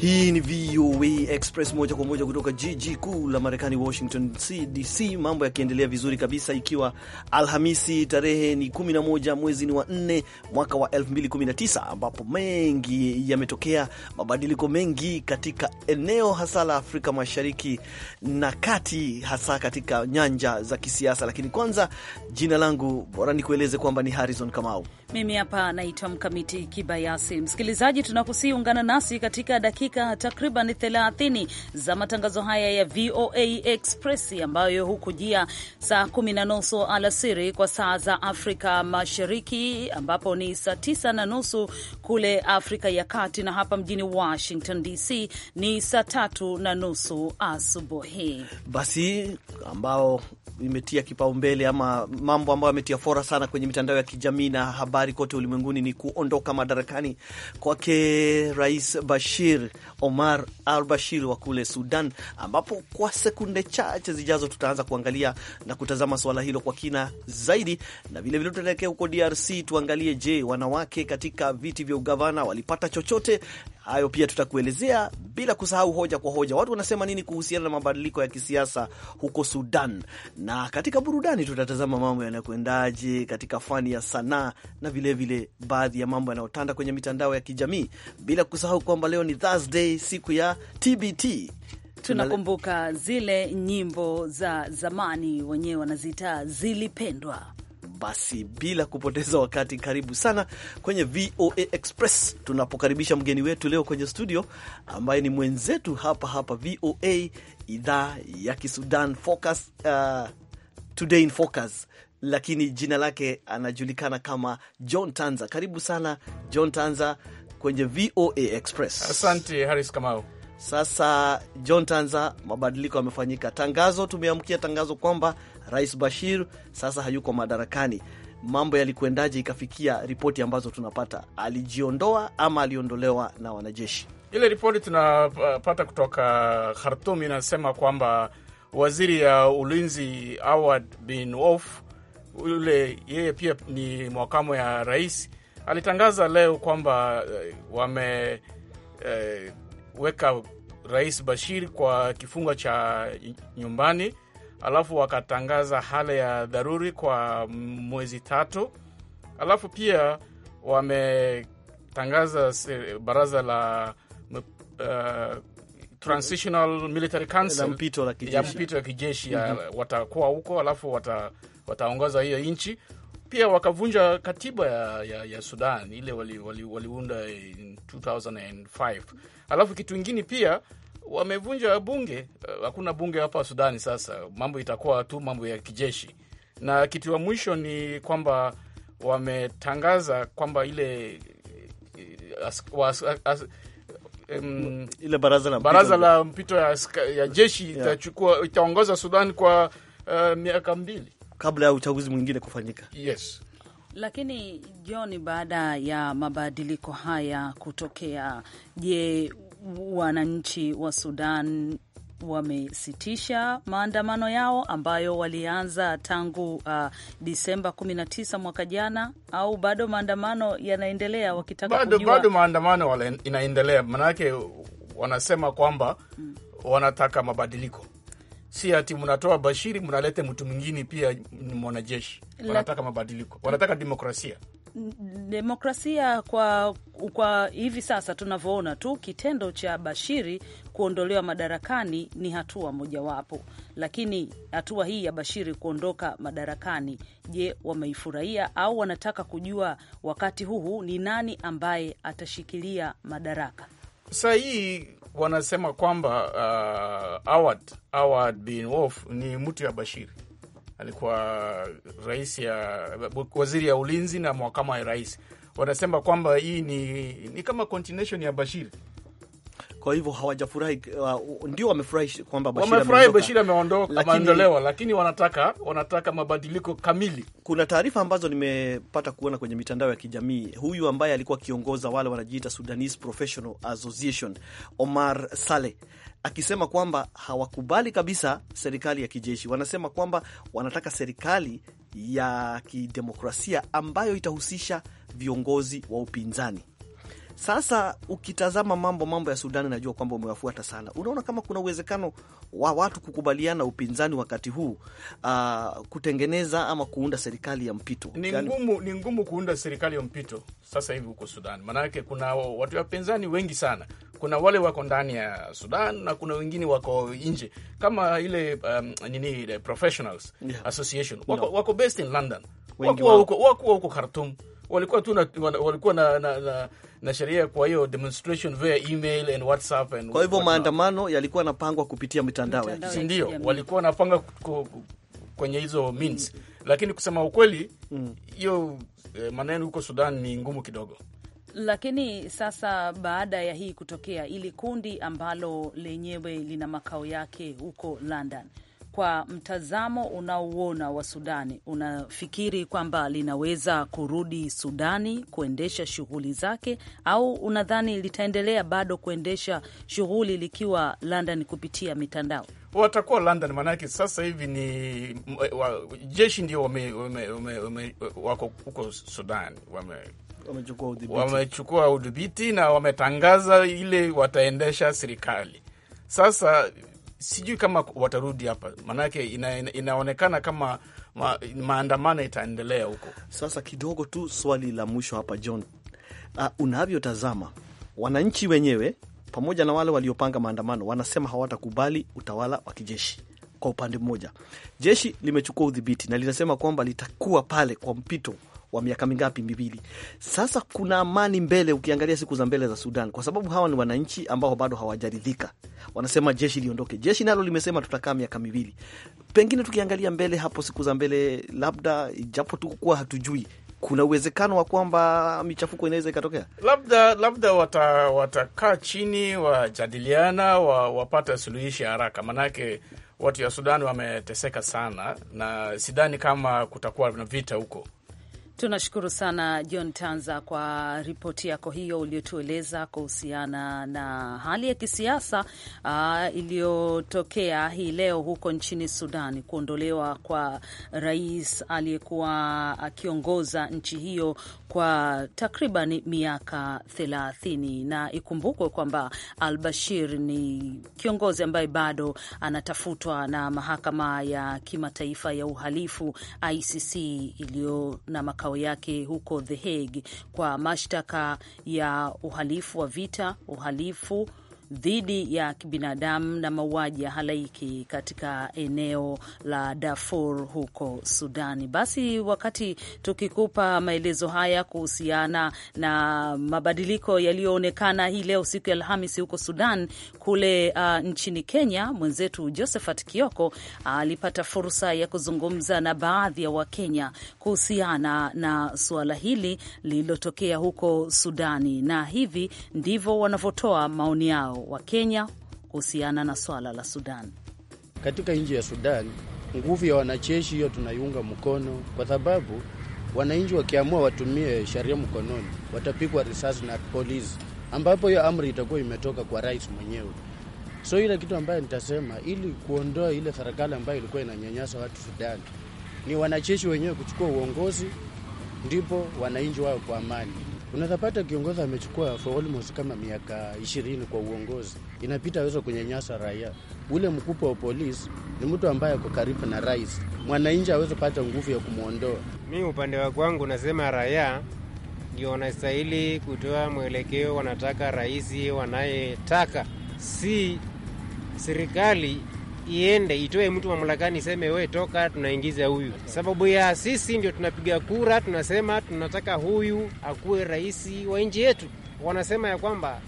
Hii ni VOA Express moja kwa moja kutoka jiji kuu la Marekani, Washington DC. Mambo yakiendelea vizuri kabisa, ikiwa Alhamisi tarehe ni 11 mwezi ni wa 4 mwaka wa 2019 ambapo mengi yametokea, mabadiliko mengi katika eneo hasa la Afrika Mashariki na Kati, hasa katika nyanja za kisiasa. Lakini kwanza, jina langu bora nikueleze kwamba ni Harrison Kamau. Mimi hapa naitwa Mkamiti Kibayasi. Msikilizaji, tunakusii ungana nasi katika dakika takriban 30 za matangazo haya ya VOA Express ambayo hukujia saa kumi na nusu alasiri kwa saa za Afrika Mashariki, ambapo ni saa tisa na nusu kule Afrika ya Kati, na hapa mjini Washington DC ni saa tatu na nusu asubuhi. Basi ambao imetia kipaumbele ama mambo ambayo ametia fora sana kwenye mitandao ya kijamii na habari kote ulimwenguni ni kuondoka madarakani kwake Rais Bashir Omar al Bashir wa kule Sudan, ambapo kwa sekunde chache zijazo tutaanza kuangalia na kutazama suala hilo kwa kina zaidi, na vilevile tutaelekea huko DRC tuangalie, je, wanawake katika viti vya ugavana walipata chochote Hayo pia tutakuelezea, bila kusahau hoja kwa hoja, watu wanasema nini kuhusiana na mabadiliko ya kisiasa huko Sudan. Na katika burudani tutatazama mambo yanayokwendaje katika fani ya sanaa na vilevile baadhi ya mambo yanayotanda kwenye mitandao ya kijamii, bila kusahau kwamba leo ni Thursday, siku ya TBT. Tunakumbuka zile nyimbo za zamani, wenyewe wanazitaa zilipendwa basi bila kupoteza wakati, karibu sana kwenye VOA Express tunapokaribisha mgeni wetu leo kwenye studio ambaye ni mwenzetu hapa hapa VOA idhaa ya Kisudan Focus, uh, Today in Focus lakini jina lake anajulikana kama John Tanza. Karibu sana John Tanza kwenye VOA Express. Asante Haris Kamau. Sasa John Tanza, mabadiliko yamefanyika. Tangazo tumeamkia tangazo kwamba Rais Bashir sasa hayuko madarakani. Mambo yalikwendaje ikafikia ripoti ambazo tunapata? Alijiondoa ama aliondolewa na wanajeshi? Ile ripoti tunapata kutoka Khartum inasema kwamba waziri ya ulinzi Awad bin Auf yule yeye pia ni mwakamo ya rais, alitangaza leo kwamba wameweka eh, eh rais Bashir kwa kifungo cha nyumbani alafu wakatangaza hali ya dharuri kwa mwezi tatu, alafu pia wametangaza baraza la uh, Transitional Military Council ya mpito la kijeshi mm -hmm. Watakuwa huko alafu wata, wataongoza hiyo nchi. Pia wakavunja katiba ya, ya, ya Sudan ile waliunda wali, wali 2005 alafu kitu ingine pia wamevunja bunge. Eh, hakuna bunge hapa Sudani. Sasa mambo itakuwa tu mambo ya kijeshi, na kitu wa mwisho ni kwamba wametangaza kwamba ile eh, as, was, as, um, ile baraza la baraza mpito, la mpito ya, ya jeshi itachukua itaongoza Sudan kwa uh, miaka mbili kabla ya uchaguzi mwingine kufanyika. Yes. Lakini John, baada ya mabadiliko haya kutokea, je, wananchi wa Sudan wamesitisha maandamano yao ambayo walianza tangu uh, Disemba 19 mwaka jana, au bado maandamano yanaendelea wakitaka bado, kujua... bado maandamano inaendelea, maanake wanasema kwamba hmm. wanataka mabadiliko si ati mnatoa Bashiri mnalete mtu mwingine pia ni mwanajeshi. Wanataka mabadiliko, wanataka demokrasia demokrasia kwa, kwa hivi sasa tunavyoona tu kitendo cha Bashiri kuondolewa madarakani ni hatua mojawapo, lakini hatua hii ya Bashiri kuondoka madarakani, je, wameifurahia au wanataka kujua wakati huu ni nani ambaye atashikilia madaraka? Saa hii wanasema kwamba uh, Awad, Awad bin Wolf ni mtu ya Bashiri alikuwa rais ya waziri ya ulinzi na mwakama ya rais, wanasema kwamba hii ni, ni kama continuation ya Bashir kwa hivyo hawajafurahi, uh, ndio wamefurahi kwamba Bashir ameondoka, ameondolewa, lakini wanataka wanataka mabadiliko kamili. Kuna taarifa ambazo nimepata kuona kwenye mitandao ya kijamii, huyu ambaye alikuwa akiongoza wale wanajiita Sudanese Professional Association, Omar Saleh akisema kwamba hawakubali kabisa serikali ya kijeshi. Wanasema kwamba wanataka serikali ya kidemokrasia ambayo itahusisha viongozi wa upinzani. Sasa ukitazama mambo mambo ya Sudani, najua kwamba umewafuata sana, unaona kama kuna uwezekano wa watu kukubaliana, upinzani wakati huu uh, kutengeneza ama kuunda serikali ya mpito? Ni yaani- ngumu, ni ngumu kuunda serikali ya mpito sasa hivi huko Sudan, maanake kuna watu wapinzani wengi sana. Kuna wale wako ndani ya Sudan na kuna wengine wako nje, kama ile um, nini the professionals yeah. association wako, no. wako based in London, wakuwa huko Khartoum walikuwa tu walikuwa na, na, na na sheria. Kwa hiyo demonstration via email and WhatsApp and kwa hivyo maandamano yalikuwa yanapangwa kupitia mitandao, ndio walikuwa wanapanga kwenye hizo means mm. Lakini kusema ukweli mm. hiyo mm. eh, maneno huko Sudan ni ngumu kidogo lakini sasa baada ya hii kutokea, ili kundi ambalo lenyewe lina makao yake huko London kwa mtazamo unaouona wa Sudani, unafikiri kwamba linaweza kurudi Sudani kuendesha shughuli zake, au unadhani litaendelea bado kuendesha shughuli likiwa London kupitia mitandao? Watakuwa London maanake sasa hivi ni wa, jeshi ndio wame, wame, wame, wame, wako huko sudani wame wamechukua udhibiti na wametangaza ile wataendesha serikali. Sasa sijui kama watarudi hapa, maanake ina, ina, inaonekana kama ma, maandamano itaendelea huko. Sasa kidogo tu swali la mwisho hapa John, uh, unavyotazama wananchi wenyewe pamoja na wale waliopanga maandamano wanasema hawatakubali utawala wa kijeshi. Kwa upande mmoja, jeshi limechukua udhibiti na linasema kwamba litakuwa pale kwa mpito wa miaka mingapi? Miwili. Sasa kuna amani mbele, ukiangalia siku za mbele za Sudan, kwa sababu hawa ni wananchi ambao bado hawajaridhika. Wanasema jeshi liondoke, jeshi nalo limesema tutakaa miaka miwili. Pengine tukiangalia mbele hapo, siku za mbele, labda ijapo tukukuwa hatujui kuna uwezekano wa kwamba michafuko inaweza ikatokea, labda labda watakaa wata chini wajadiliana, wa, wapate suluhishi haraka, maanake watu ya Sudan wameteseka sana, na sidhani kama kutakuwa na vita huko Tunashukuru sana John Tanza kwa ripoti yako hiyo uliotueleza kuhusiana na hali ya kisiasa uh, iliyotokea hii leo huko nchini Sudan, kuondolewa kwa rais aliyekuwa akiongoza nchi hiyo kwa takriban miaka thelathini, na ikumbukwe kwamba Al Bashir ni kiongozi ambaye bado anatafutwa na mahakama ya kimataifa ya uhalifu ICC iliyo na makao makao yake huko The Hague kwa mashtaka ya uhalifu wa vita, uhalifu dhidi ya kibinadamu na mauaji ya halaiki katika eneo la Darfur huko Sudani. Basi wakati tukikupa maelezo haya kuhusiana na mabadiliko yaliyoonekana hii leo siku ya Alhamisi huko Sudan, kule uh, nchini Kenya mwenzetu Josephat Kioko alipata uh, fursa ya kuzungumza na baadhi ya Wakenya kuhusiana na suala hili lililotokea huko Sudani, na hivi ndivyo wanavyotoa maoni yao wa Kenya kuhusiana na swala la Sudan. Katika nchi ya Sudan, nguvu ya wanajeshi hiyo tunaiunga mkono, kwa sababu wananchi wakiamua watumie sheria mkononi, watapigwa risasi na polisi, ambapo hiyo amri itakuwa imetoka kwa rais mwenyewe. So ile kitu ambayo nitasema ili kuondoa ile serikali ambayo ilikuwa inanyanyasa watu sudani ni wanajeshi wenyewe kuchukua uongozi, ndipo wananchi wao kwa amani. Unaweza pata kiongozi amechukua for almost kama miaka ishirini kwa uongozi, inapita aweza kunyanyasa raia. Ule mkubwa wa polisi ni mtu ambaye ako karibu na rais, mwananchi aweze pata nguvu ya kumwondoa. Mi upande wa kwangu nasema raia ndio wanastahili kutoa mwelekeo, wanataka rais wanayetaka, si serikali iende itoe mtu mamlakani, iseme we toka, tunaingiza huyu. Sababu ya sisi ndio tunapiga kura, tunasema tunataka huyu akuwe rais wa nchi yetu. Wanasema ya kwamba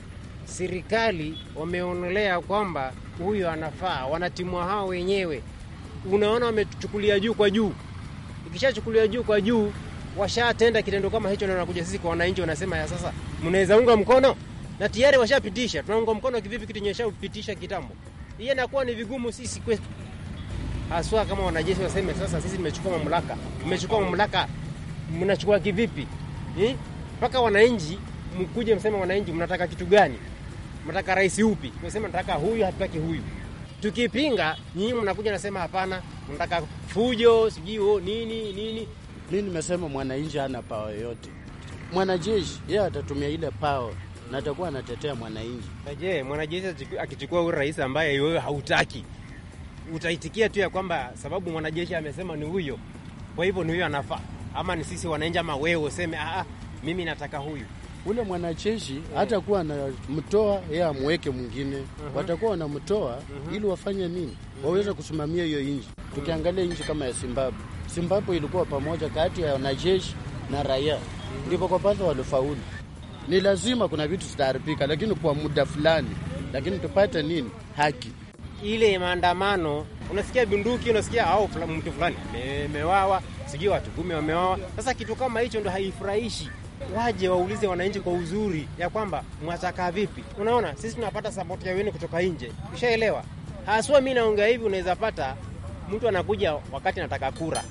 serikali wameonelea kwamba huyu anafaa, wanatimwa hao wenyewe. Unaona, wametuchukulia juu kwa juu. Ikishachukulia juu kwa juu, washatenda kitendo kama hicho, na wanakuja sisi kwa wananchi, wanasema ya sasa mnaweza unga mkono, na tayari washapitisha. Tunaunga mkono kivipi kitu nyesha upitisha kitambo? hiyo inakuwa ni vigumu sisi kwetu, haswa kama wanajeshi waseme sasa, sisi mmechukua mamlaka. Mmechukua mamlaka, mnachukua kivipi? Hm? Mpaka wananchi mkuje mseme, wananchi mnataka kitu gani? Mnataka rais upi? Mmesema nataka huyu, hatutaki huyu. Tukipinga nyinyi mnakuja nasema hapana, mnataka fujo, sijui nini nini. Mi nimesema mwananchi hana pawa yoyote, mwanajeshi yeye atatumia ile pawa na atakuwa anatetea mwananchi. Eh, je, mwanajeshi akichukua huyu rais ambaye wewe hautaki, utaitikia tu ya kwamba sababu mwanajeshi amesema ni huyo, kwa hivyo ni huyo anafaa, ama ni sisi wananchi, ama wewe useme ah, ah, mimi nataka huyu ule mwanajeshi hata kuwa anamtoa yeye amweke mwingine. uh mhm. -huh. Watakuwa wanamtoa uh mhm. -huh. ili wafanye nini? uh mhm. -huh. waweze kusimamia hiyo nchi. Tukiangalia nchi kama ya Zimbabwe, Zimbabwe ilikuwa pamoja kati ya wanajeshi na raia, ndipo kwa pato walifaulu. Ni lazima kuna vitu zitaharibika, lakini kwa muda fulani, lakini tupate nini? Haki ile maandamano, unasikia bunduki, unasikia au mtu fulani amewawa, sijui watu kumi wamewawa. Sasa kitu kama hicho ndo haifurahishi. Waje waulize wananchi kwa uzuri ya kwamba mwataka vipi. Unaona, sisi tunapata sapoti ya wenu kutoka nje, ushaelewa haswa. Mi naongea hivi, unaweza pata mtu anakuja wakati anataka kura,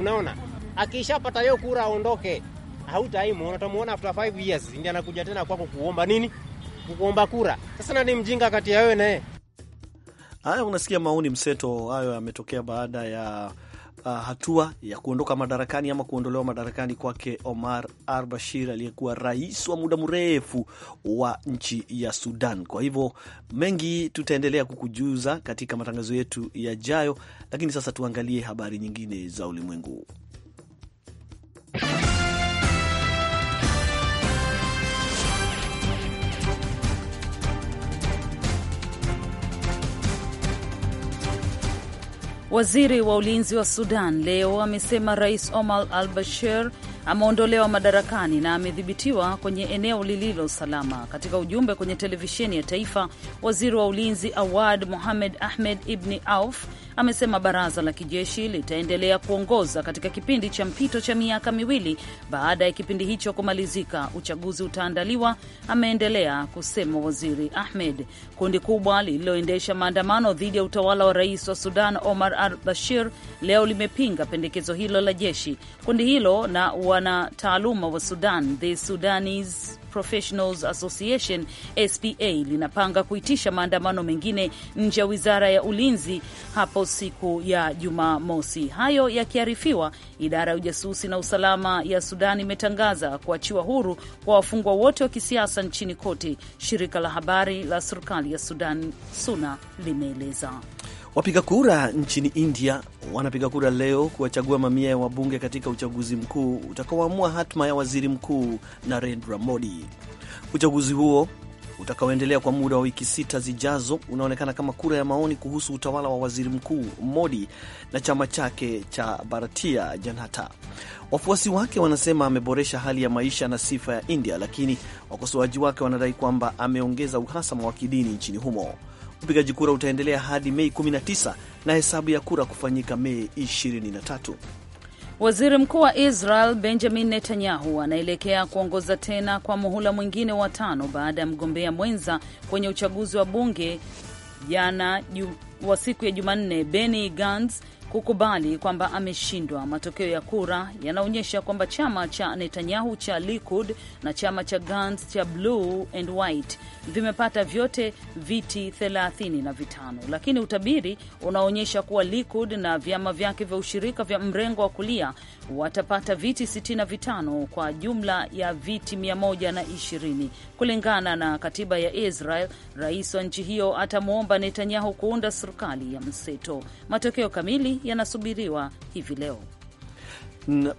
unaona, akishapata hiyo kura aondoke hautaimuona, utamuona after 5 years ndio anakuja tena kwako kuomba nini, kuomba kura. Sasa nani mjinga kati ya wewe na yeye? Haya, unasikia maoni mseto hayo yametokea baada ya Uh, hatua ya kuondoka madarakani ama kuondolewa madarakani kwake Omar al-Bashir aliyekuwa rais wa muda mrefu wa nchi ya Sudan. Kwa hivyo mengi tutaendelea kukujuza katika matangazo yetu yajayo, lakini sasa tuangalie habari nyingine za ulimwengu. Waziri wa ulinzi wa Sudan leo amesema Rais Omar al Bashir ameondolewa madarakani na amedhibitiwa kwenye eneo lililo salama. Katika ujumbe kwenye televisheni ya taifa, waziri wa ulinzi Awad Mohamed Ahmed Ibni Auf amesema baraza la kijeshi litaendelea kuongoza katika kipindi cha mpito cha miaka miwili. Baada ya kipindi hicho kumalizika, uchaguzi utaandaliwa, ameendelea kusema waziri Ahmed. Kundi kubwa lililoendesha maandamano dhidi ya utawala wa rais wa Sudan Omar al Bashir leo limepinga pendekezo hilo la jeshi. Kundi hilo na wanataaluma wa Sudan, the Sudanese Professionals Association SPA linapanga kuitisha maandamano mengine nje ya wizara ya ulinzi hapo siku ya Jumamosi. Hayo yakiarifiwa, idara ya ujasusi na usalama ya Sudan imetangaza kuachiwa huru kwa wafungwa wote wa kisiasa nchini kote, shirika la habari la serikali ya Sudan SUNA limeeleza. Wapiga kura nchini India wanapiga kura leo kuwachagua mamia ya wabunge katika uchaguzi mkuu utakaoamua hatma ya waziri mkuu Narendra Modi. Uchaguzi huo utakaoendelea kwa muda wa wiki sita zijazo unaonekana kama kura ya maoni kuhusu utawala wa waziri mkuu Modi na chama chake cha Bharatiya Janata. Wafuasi wake wanasema ameboresha hali ya maisha na sifa ya India, lakini wakosoaji wake wanadai kwamba ameongeza uhasama wa kidini nchini humo. Upigaji kura utaendelea hadi Mei 19 na hesabu ya kura kufanyika Mei 23. Waziri Mkuu wa Israel Benjamin Netanyahu anaelekea kuongoza tena kwa muhula mwingine wa tano baada ya mgombea mwenza kwenye uchaguzi wa bunge jana wa siku ya Jumanne Benny Gantz kukubali kwamba ameshindwa. Matokeo ya kura yanaonyesha kwamba chama cha Netanyahu cha Likud na chama cha Gantz cha Blue and White vimepata vyote viti thelathini na vitano, lakini utabiri unaonyesha kuwa Likud na vyama vyake vya ushirika vya mrengo wa kulia watapata viti sitini na vitano kwa jumla ya viti mia moja na ishirini. Kulingana na katiba ya Israel, rais wa nchi hiyo atamwomba Netanyahu kuunda serikali ya mseto. Matokeo kamili yanasubiriwa hivi leo.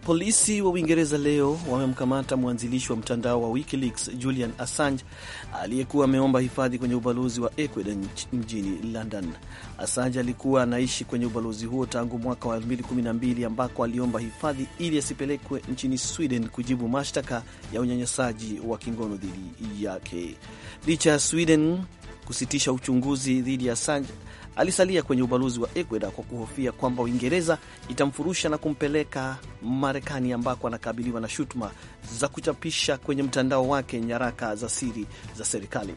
Polisi wa Uingereza leo wamemkamata mwanzilishi wa mtandao wa WikiLeaks Julian Assange aliyekuwa ameomba hifadhi kwenye ubalozi wa Ecuador mjini London. Assange alikuwa anaishi kwenye ubalozi huo tangu mwaka wa 2012 ambako aliomba hifadhi ili asipelekwe nchini Sweden kujibu mashtaka ya unyanyasaji wa kingono dhidi yake. Licha ya Sweden kusitisha uchunguzi dhidi ya Assange, alisalia kwenye ubalozi wa Ecuador kwa kuhofia kwamba Uingereza itamfurusha na kumpeleka Marekani, ambako anakabiliwa na shutuma za kuchapisha kwenye mtandao wake nyaraka za siri za serikali.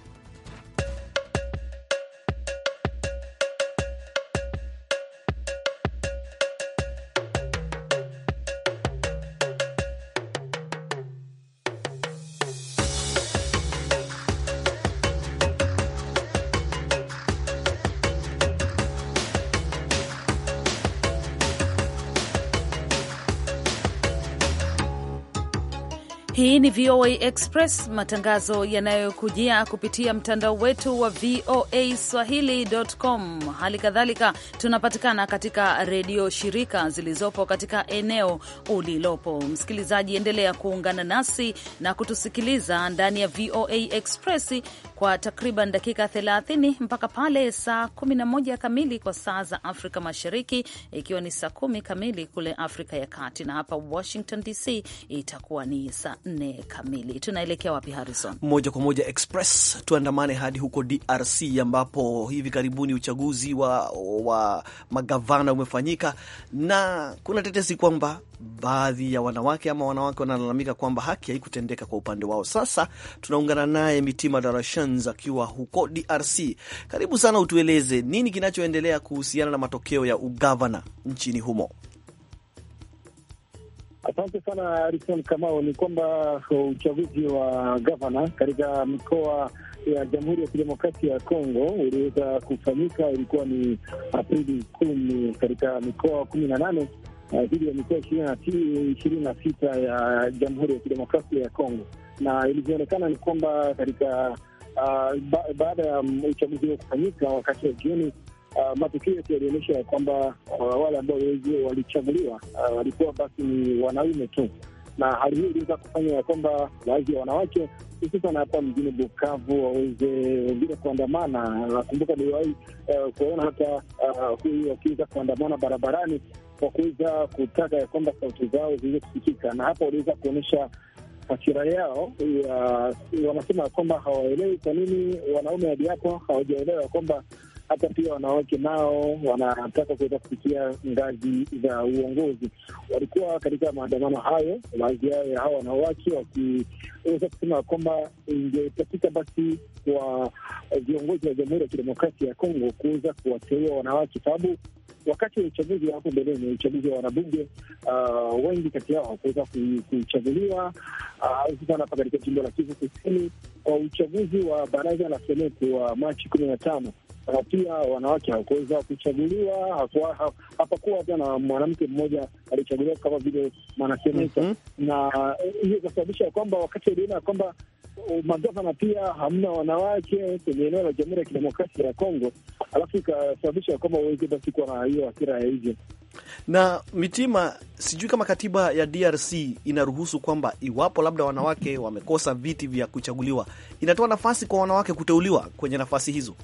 Hii ni VOA Express, matangazo yanayokujia kupitia mtandao wetu wa VOA Swahili.com. Hali kadhalika tunapatikana katika redio shirika zilizopo katika eneo ulilopo. Msikilizaji, endelea kuungana nasi na kutusikiliza ndani ya VOA Express kwa takriban dakika 30 mpaka pale saa 11 kamili kwa saa za Afrika Mashariki, ikiwa ni saa 10 kamili kule Afrika ya Kati, na hapa Washington DC itakuwa ni saa nne kamili. Tunaelekea wapi, Harrison? Moja kwa moja express, tuandamane hadi huko DRC ambapo hivi karibuni uchaguzi wa, wa magavana umefanyika na kuna tetesi kwamba baadhi ya wanawake ama wanawake wanalalamika kwamba haki haikutendeka kwa upande wao. Sasa tunaungana naye Mitima Darashans akiwa huko DRC. Karibu sana, utueleze nini kinachoendelea kuhusiana na matokeo ya ugavana nchini humo. Asante sana Harison Kamao. Ni kwamba uchaguzi wa gavana katika mikoa ya Jamhuri ya Kidemokrasia ya Kongo uliweza kufanyika, ilikuwa ni Aprili kumi katika mikoa kumi na nane dhidi ya mikoa ishirini na sita ya Jamhuri ya Kidemokrasia ya Kongo, na ilivyoonekana ni kwamba katika uh, ba baada ya uchaguzi huo kufanyika wakati wa jioni Uh, matukio yetu yalionyesha ya kwamba uh, wale ambao walichaguliwa uh, walikuwa basi ni wanaume tu, na hali hii iliweza kufanya ya kwamba baadhi ya wanawake hususan hapa mjini Bukavu waweze wengine kuandamana. Nakumbuka niliwahi uh, eh, kuona hata uh, huyu wakiweza kuandamana barabarani kwa kuweza kutaka ya kwamba sauti zao ziweze kusikika, na hapa waliweza kuonyesha hasira yao ya, wanasema ya kwamba hawaelewi kwa nini wanaume hadi hapo hawajaelewa ya kwamba hata pia wanawake nao wanataka kuweza kufikia ngazi za uongozi. Walikuwa katika maandamano hayo, baadhi yao ya hawa wanawake wakiweza kusema kwamba ingetakika basi kwa viongozi wa Jamhuri ya Kidemokrasia ya Kongo kuweza kuwateua wanawake, sababu wakati wa uchaguzi wa hapo mbeleni, uchaguzi wa wanabunge uh, wengi kati yao wakuweza kuchaguliwa uh, hapa katika jimbo la Kivu Kusini kwa uchaguzi wa baraza la seneti wa Machi kumi na tano na pia wanawake hawakuweza kuchaguliwa. Hapakuwa hata na mwanamke mmoja alichaguliwa kama vile mwanaseneta mm -hmm. na hiyo ikasababisha kwamba wakati ya kwamba uh, magavana pia hamna wanawake kwenye eneo la Jamhuri ya Kidemokrasia ya Kongo, alafu ikasababisha kwamba wengi basi kuwa na hiyo hasira ya hivyo na mitima. Sijui kama katiba ya DRC inaruhusu kwamba iwapo labda wanawake wamekosa viti vya kuchaguliwa, inatoa nafasi kwa wanawake kuteuliwa kwenye nafasi hizo.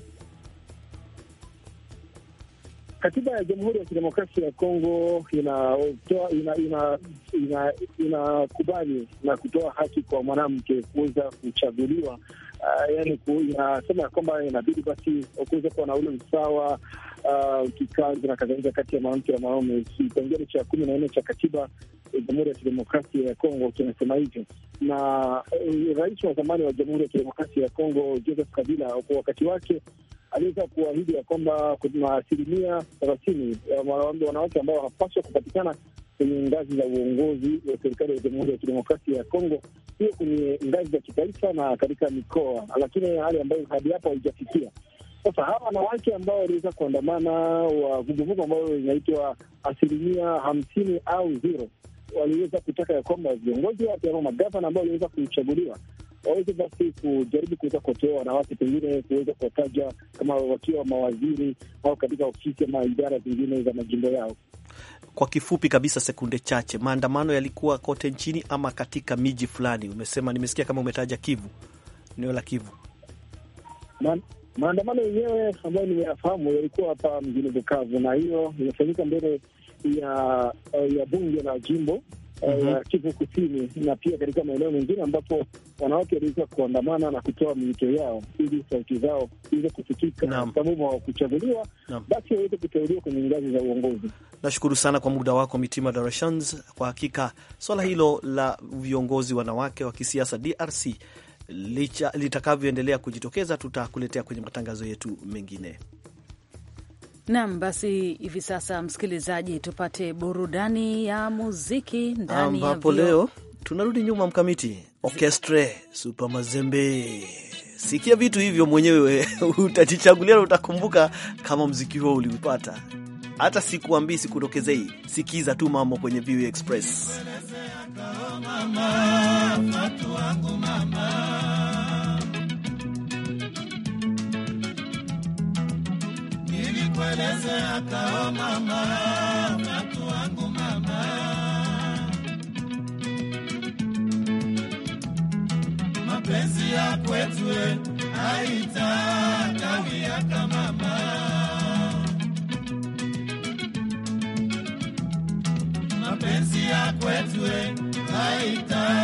Katiba ya Jamhuri ya Kidemokrasia ya Kongo inakubali ina, ina, ina, ina na kutoa haki kwa mwanamke kuweza kuchaguliwa. Uh, yani ku, inasema ya kwamba inabidi basi kuweza kuwa na ule usawa uh, kikazi na kadhalika kati ya mwanamke na mwanaume. Kipengele cha kumi na nne cha katiba Eh, Jamhuri ya Kidemokrasia ya Kongo kinasema hivyo, na eh, rais wa zamani wa Jamhuri ya Kidemokrasia ya Kongo Joseph Kabila kwa wakati wake aliweza kuahidi ya kwamba kuna asilimia thelathini ya wanawake ambao wanapaswa kupatikana kwenye ngazi za uongozi wa serikali ya Jamhuri ya Kidemokrasia ya Kongo, hiyo kwenye ngazi za kitaifa na katika mikoa, lakini hali ambayo hadi hapo haijafikia. Sasa hawa wanawake ambao waliweza kuandamana wa vuguvugu ambayo inaitwa asilimia hamsini au zero waliweza kutaka ya kwamba viongozi wake ama magavana ambao waliweza kuchaguliwa waweze basi kujaribu kuweza kutoa na wanawake, pengine kuweza kuwataja kama wakiwa mawaziri au katika ofisi ama idara zingine za majimbo yao. Kwa kifupi kabisa, sekunde chache, maandamano yalikuwa kote nchini ama katika miji fulani. Umesema, nimesikia kama umetaja Kivu, eneo la Kivu. Man, maandamano yenyewe ambayo nimeyafahamu yalikuwa hapa mjini Bukavu, na hiyo imefanyika mbele ya eh, ya bunge la jimbo mm -hmm. Kivu Kusini na pia katika maeneo mengine ambapo wanawake waliweza kuandamana na kutoa miito yao ili sauti zao iweze kufikika sababu wa kuchaguliwa basi waweze kuteuliwa kwenye ngazi za uongozi. Nashukuru sana kwa muda wako Mitima Darashans. Kwa hakika swala hilo la viongozi wanawake wa kisiasa DRC litakavyoendelea kujitokeza tutakuletea kwenye matangazo yetu mengine. Nam, basi hivi sasa, msikilizaji, tupate burudani ya muziki ndani ambapo leo tunarudi nyuma mkamiti orkestre super mazembe. Sikia vitu hivyo mwenyewe utajichagulia, na utakumbuka kama mziki huo uliupata. Hata sikuambii, sikutokezei sikiza tu mambo kwenye View Express. nieleze hata o mama, watu wangu mama, mapenzi ya kwetu haitakawia kama mama mapenzi ya kwetu haita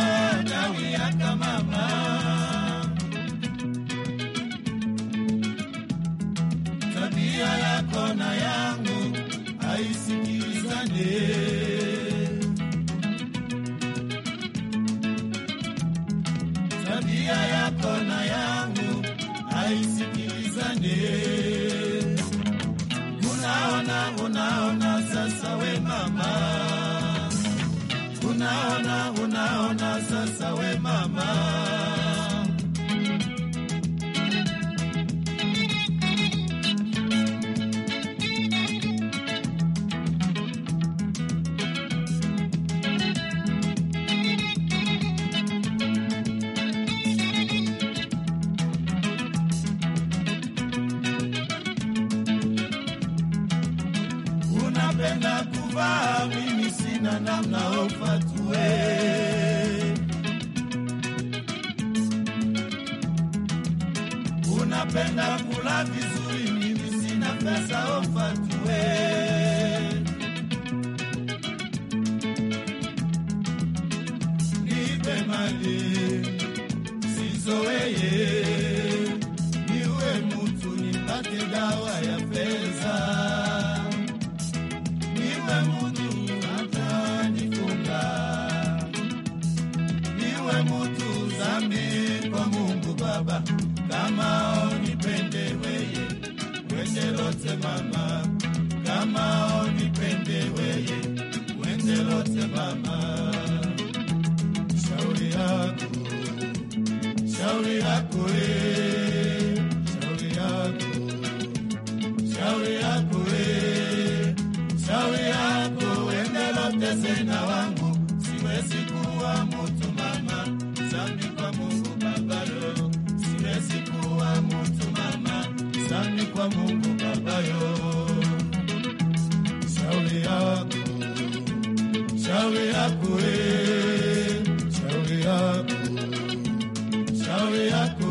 kufa, mimi sina namna, ufatue Unapenda kula vizuri, mimi sina pesa, ufatue lote mama, kama unipende weye, uende lote mama. Shauri yako, shauri yako, eh. shauri yako, shauri yako. kwa Mungu babayo. Shauri yako, shauri yako, shauri yako, shauri yako,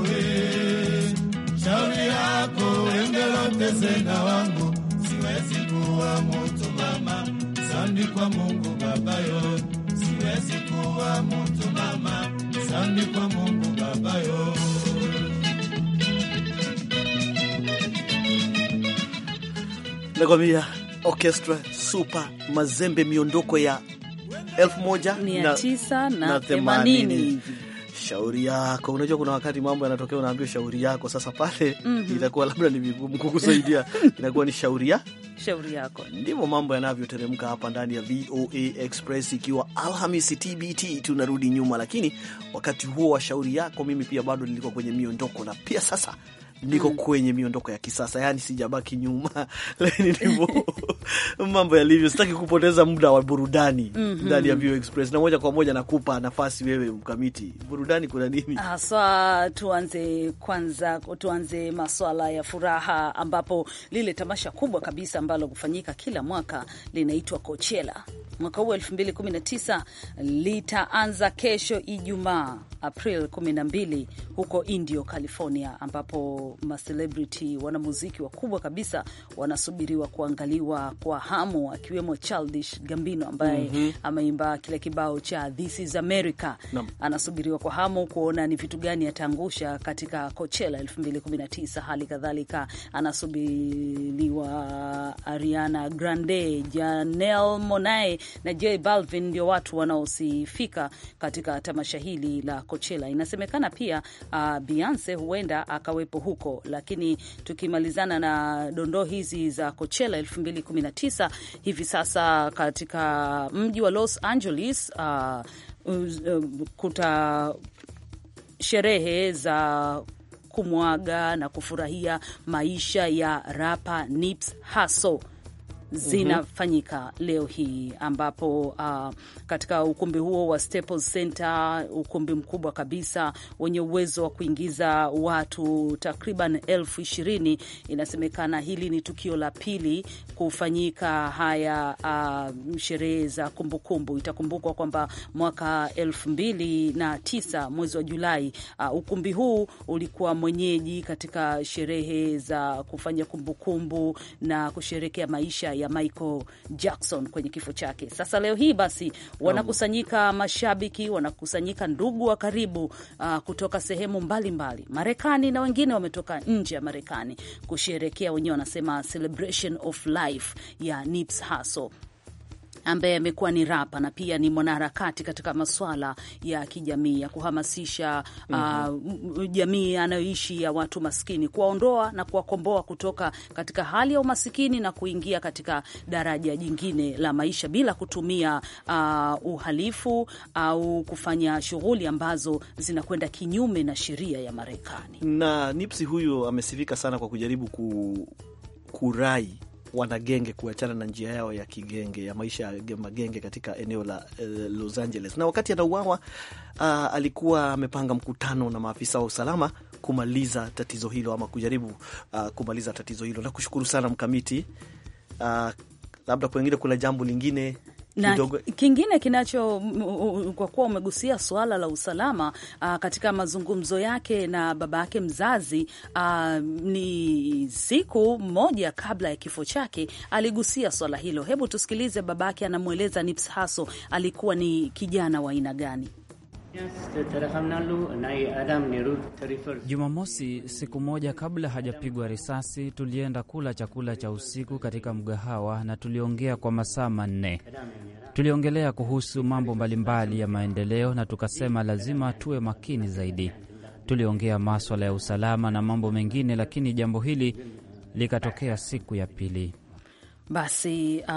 shauri yako, endeloteze na wangu, siwezi kuwa mtu mama, sandi kwa Mungu babayo, siwezi kuwa mtu mama, sandi kwa Mungu nakwambia orchestra super mazembe miondoko ya elfu moja mia tisa na themanini shauri yako. Unajua, kuna wakati mambo yanatokea, unaambia shauri yako. Sasa pale mm -hmm. itakuwa labda ni vigumu kukusaidia, inakuwa ni shauri ya shauri yako. Ndivyo mambo yanavyoteremka hapa ndani ya VOA Express, ikiwa Alhamisi TBT, tunarudi nyuma, lakini wakati huo wa shauri yako, mimi pia bado nilikuwa kwenye miondoko na pia sasa niko mm. kwenye miondoko ya kisasa, yani sijabaki nyuma lakini ndivyo mambo yalivyo. Sitaki kupoteza muda wa burudani mm -hmm. ndani ya View Express, na moja kwa moja nakupa nafasi wewe mkamiti, burudani kuna nini haswa? Tuanze kwanza, tuanze maswala ya furaha, ambapo lile tamasha kubwa kabisa ambalo kufanyika kila mwaka linaitwa Coachella mwaka huu tisa litaanza kesho Ijumaa April 12 huko Indio, California ambapo macelebrity wanamuziki wakubwa kabisa wanasubiriwa kuangaliwa kwa hamu, akiwemo Childish Gambino ambaye mm -hmm. ameimba kile kibao cha This is America Nam. anasubiriwa kwa hamu kuona ni vitu gani ataangusha katika Coachella 2019. Hali kadhalika anasubiriwa Ariana Grande, Janelle Monae na J Balvin, ndio watu wanaosifika katika tamasha hili la Coachella. Inasemekana pia uh, Beyonce huenda akawepo huko huko. Lakini tukimalizana na dondoo hizi za Coachella 2019 hivi sasa katika mji wa Los Angeles uh, uh, kuta sherehe za kumwaga na kufurahia maisha ya rapa Nipsey Hussle zinafanyika mm -hmm. leo hii ambapo uh, katika ukumbi huo wa Staples Center, ukumbi mkubwa kabisa wenye uwezo wa kuingiza watu takriban elfu ishirini inasemekana hili ni tukio la pili kufanyika haya uh, sherehe za kumbukumbu. Itakumbukwa kwamba mwaka elfu mbili na tisa mwezi wa Julai uh, ukumbi huu ulikuwa mwenyeji katika sherehe za kufanya kumbukumbu kumbu na kusherekea maisha ya Michael Jackson kwenye kifo chake. Sasa leo hii basi wanakusanyika oh. mashabiki, wanakusanyika ndugu wa karibu uh, kutoka sehemu mbalimbali Marekani na wengine wametoka nje ya Marekani kusherekea, wenyewe wanasema celebration of life ya Nipsey Hussle ambaye amekuwa ni rapa na pia ni mwanaharakati katika maswala ya kijamii ya kuhamasisha mm -hmm. uh, jamii anayoishi ya watu maskini kuwaondoa na kuwakomboa kutoka katika hali ya umasikini na kuingia katika daraja jingine la maisha bila kutumia uh, uhalifu au kufanya shughuli ambazo zinakwenda kinyume na sheria ya Marekani. Na Nipsi huyu amesifika sana kwa kujaribu ku, kurai wanagenge kuachana na njia yao ya kigenge ya maisha ya magenge katika eneo la uh, Los Angeles. Na wakati anauawa uh, alikuwa amepanga mkutano na maafisa wa usalama kumaliza tatizo hilo ama kujaribu uh, kumaliza tatizo hilo. Na kushukuru sana mkamiti uh, labda pengine kuna jambo lingine Kidogo. Na kingine kinacho kwa kuwa umegusia suala la usalama aa, katika mazungumzo yake na baba yake mzazi aa, ni siku moja kabla ya kifo chake aligusia swala hilo. Hebu tusikilize babake anamweleza Nipsey Hussle alikuwa ni kijana wa aina gani. Jumamosi, siku moja kabla hajapigwa risasi, tulienda kula chakula cha usiku katika mgahawa na tuliongea kwa masaa manne. Tuliongelea kuhusu mambo mbalimbali ya maendeleo na tukasema lazima tuwe makini zaidi. Tuliongea maswala ya usalama na mambo mengine, lakini jambo hili likatokea siku ya pili. Basi uh,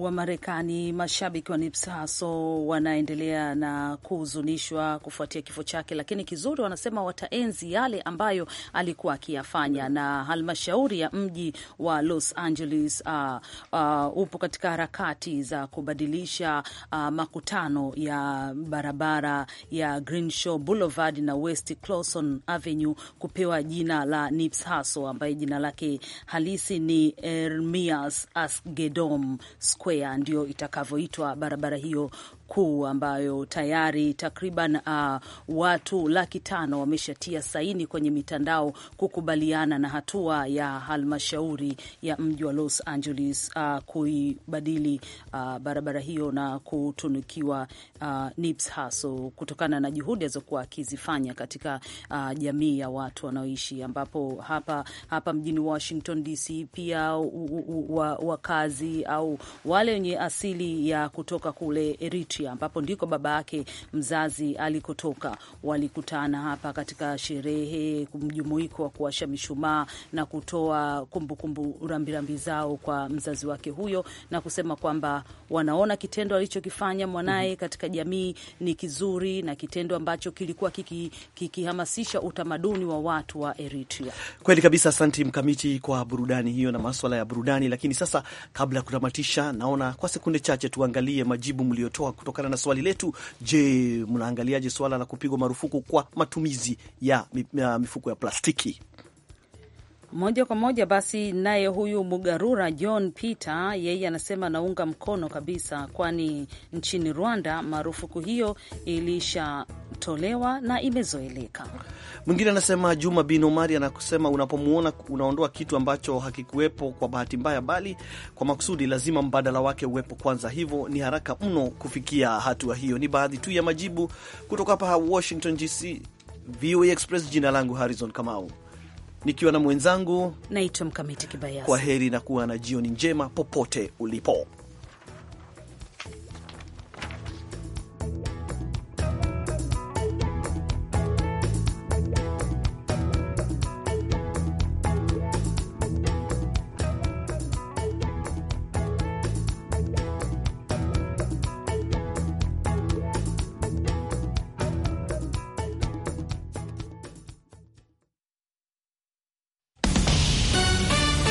Wamarekani, mashabiki wa Nipsaso wanaendelea na kuhuzunishwa kufuatia kifo chake, lakini kizuri wanasema wataenzi yale ambayo alikuwa akiyafanya. Na halmashauri ya mji wa Los Angeles uh, uh, upo katika harakati za kubadilisha uh, makutano ya barabara ya Greenshaw Boulevard na West closon Avenue kupewa jina la Nipsaso ambaye jina lake halisi ni Ermia Jonas Asgedom Square, ndio itakavyoitwa barabara hiyo kuu ambayo tayari takriban uh, watu laki tano wameshatia saini kwenye mitandao kukubaliana na hatua ya halmashauri ya mji wa Los Angeles uh, kuibadili uh, barabara hiyo na kutunukiwa uh, NIPS haso kutokana na juhudi alizokuwa akizifanya katika uh, jamii ya watu wanaoishi ambapo hapa, hapa mjini Washington DC pia wakazi au wale wenye asili ya kutoka kule Eritrea Croatia, ambapo ndiko baba yake mzazi alikotoka. Walikutana hapa katika sherehe, mjumuiko wa kuwasha mishumaa na kutoa kumbukumbu rambirambi zao kwa mzazi wake huyo, na kusema kwamba wanaona kitendo alichokifanya mwanaye mhm. katika jamii ni kizuri na kitendo ambacho kilikuwa kikihamasisha kiki utamaduni wa watu wa Eritrea. Kweli kabisa, asanti Mkamiti kwa burudani hiyo na maswala ya burudani. Lakini sasa kabla ya kutamatisha, naona kwa sekunde chache tuangalie majibu mliotoa kutoka kutokana na swali letu. Je, mnaangaliaje swala la kupigwa marufuku kwa matumizi ya mifuko ya plastiki? Moja kwa moja basi, naye huyu Mugarura John Peter yeye anasema anaunga mkono kabisa, kwani nchini Rwanda marufuku hiyo ilishatolewa na imezoeleka. Mwingine anasema Juma bin Omari anasema unapomwona unaondoa kitu ambacho hakikuwepo kwa bahati mbaya, bali kwa makusudi, lazima mbadala wake uwepo kwanza. Hivyo ni haraka mno kufikia hatua hiyo. Ni baadhi tu ya majibu kutoka hapa Washington DC. VOA Express, jina langu Harrison Kamau nikiwa na mwenzangu naitwa Mkamiti Kibayasi. Kwa heri na kuwa na jioni njema popote ulipo.